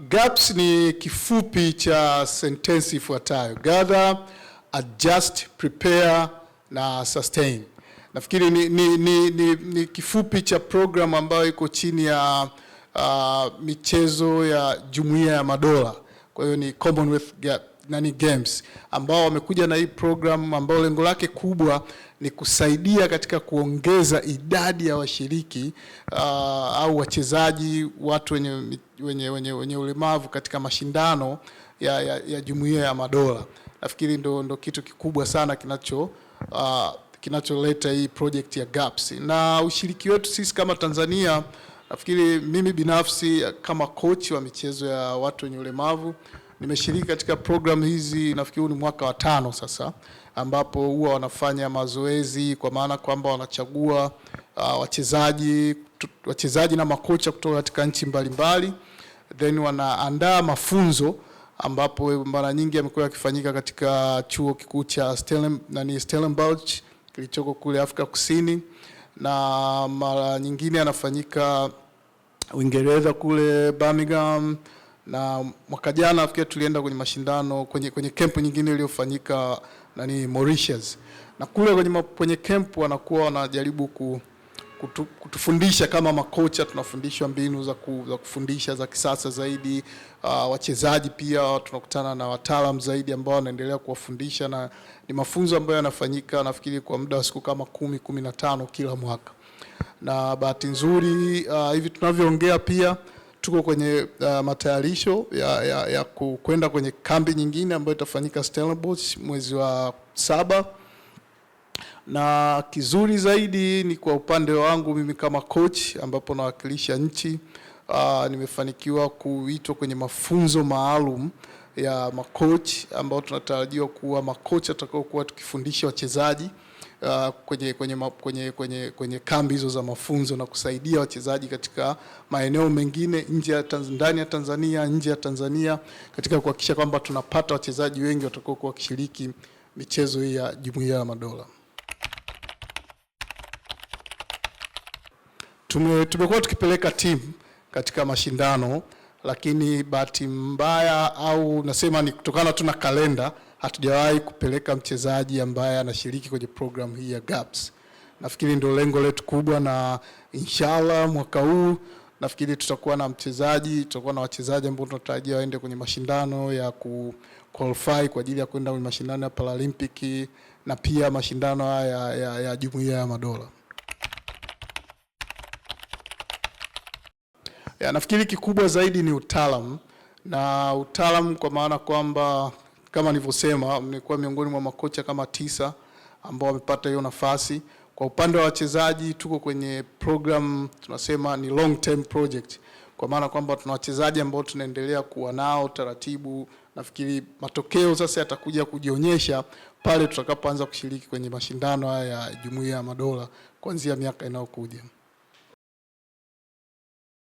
GAPS ni kifupi cha sentensi ifuatayo: gather, adjust, prepare na sustain. Nafikiri ni, ni, ni, ni, ni kifupi cha programu ambayo iko chini ya uh, michezo ya Jumuiya ya Madola, kwa hiyo ni Commonwealth GAPS nani games ambao wamekuja na hii program ambao lengo lake kubwa ni kusaidia katika kuongeza idadi ya washiriki uh, au wachezaji watu wenye, wenye, wenye, wenye ulemavu katika mashindano ya, ya, ya Jumuiya ya Madola. Nafikiri ndo, ndo kitu kikubwa sana kinacho uh, kinacholeta hii project ya GAPS na ushiriki wetu sisi kama Tanzania. Nafikiri mimi binafsi kama kochi wa michezo ya watu wenye ulemavu Nimeshiriki katika program hizi, nafikiri ni mwaka wa tano sasa, ambapo huwa wanafanya mazoezi kwa maana kwamba wanachagua uh, wachezaji wachezaji na makocha kutoka katika nchi mbalimbali, then wanaandaa mafunzo ambapo mara nyingi yamekuwa yakifanyika katika chuo kikuu cha Stellen, Stellenbosch kilichoko kule Afrika Kusini, na mara nyingine yanafanyika Uingereza kule Birmingham na mwaka jana nafikiri tulienda kwenye mashindano kwenye, kwenye kempu nyingine iliyofanyika nani Mauritius, na kule kwenye, kwenye kempu wanakuwa wanajaribu ku, kutu, kutufundisha kama makocha tunafundishwa mbinu za, ku, za kufundisha za kisasa zaidi. Uh, wachezaji pia tunakutana na wataalamu zaidi ambao wanaendelea kuwafundisha na ni mafunzo ambayo yanafanyika nafikiri kwa muda wa siku kama kumi kumi na tano kila mwaka, na bahati nzuri uh, hivi tunavyoongea pia tuko kwenye uh, matayarisho ya, ya, ya kwenda kwenye kambi nyingine ambayo itafanyika Stellenbosch mwezi wa saba, na kizuri zaidi ni kwa upande wangu mimi kama coach ambapo nawakilisha nchi uh, nimefanikiwa kuitwa kwenye mafunzo maalum ya makochi ambao tunatarajiwa kuwa makoch atakaokuwa tukifundisha wachezaji uh, kwenye, kwenye, kwenye, kwenye, kwenye kambi hizo za mafunzo na kusaidia wachezaji katika maeneo mengine nje ya ndani ya Tanzania, nje ya Tanzania katika kuhakikisha kwamba tunapata wachezaji wengi watakaokuwa wakishiriki michezo hii ya Jumuiya ya Madola. Tume, tumekuwa tukipeleka timu katika mashindano lakini bahati mbaya au nasema ni kutokana tu na kalenda hatujawahi kupeleka mchezaji ambaye anashiriki kwenye program hii ya GAPS. Nafikiri ndio lengo letu kubwa, na inshallah mwaka huu nafikiri tutakuwa na mchezaji, tutakuwa na wachezaji ambao tunatarajia waende kwenye mashindano ya ku qualify kwa ajili ya kwenda kwenye mashindano ya Paralympic na pia mashindano haya ya, ya, ya Jumuiya ya Madola. Ya, nafikiri kikubwa zaidi ni utaalamu na utaalamu kwa maana kwamba kama nilivyosema, mmekuwa miongoni mwa makocha kama tisa ambao wamepata hiyo nafasi. Kwa upande wa wachezaji, tuko kwenye program tunasema ni long term project, kwa maana kwamba tuna wachezaji ambao tunaendelea kuwa nao taratibu. Nafikiri matokeo sasa yatakuja kujionyesha pale tutakapoanza kushiriki kwenye mashindano haya ya Jumuiya ya Madola kuanzia miaka inayokuja.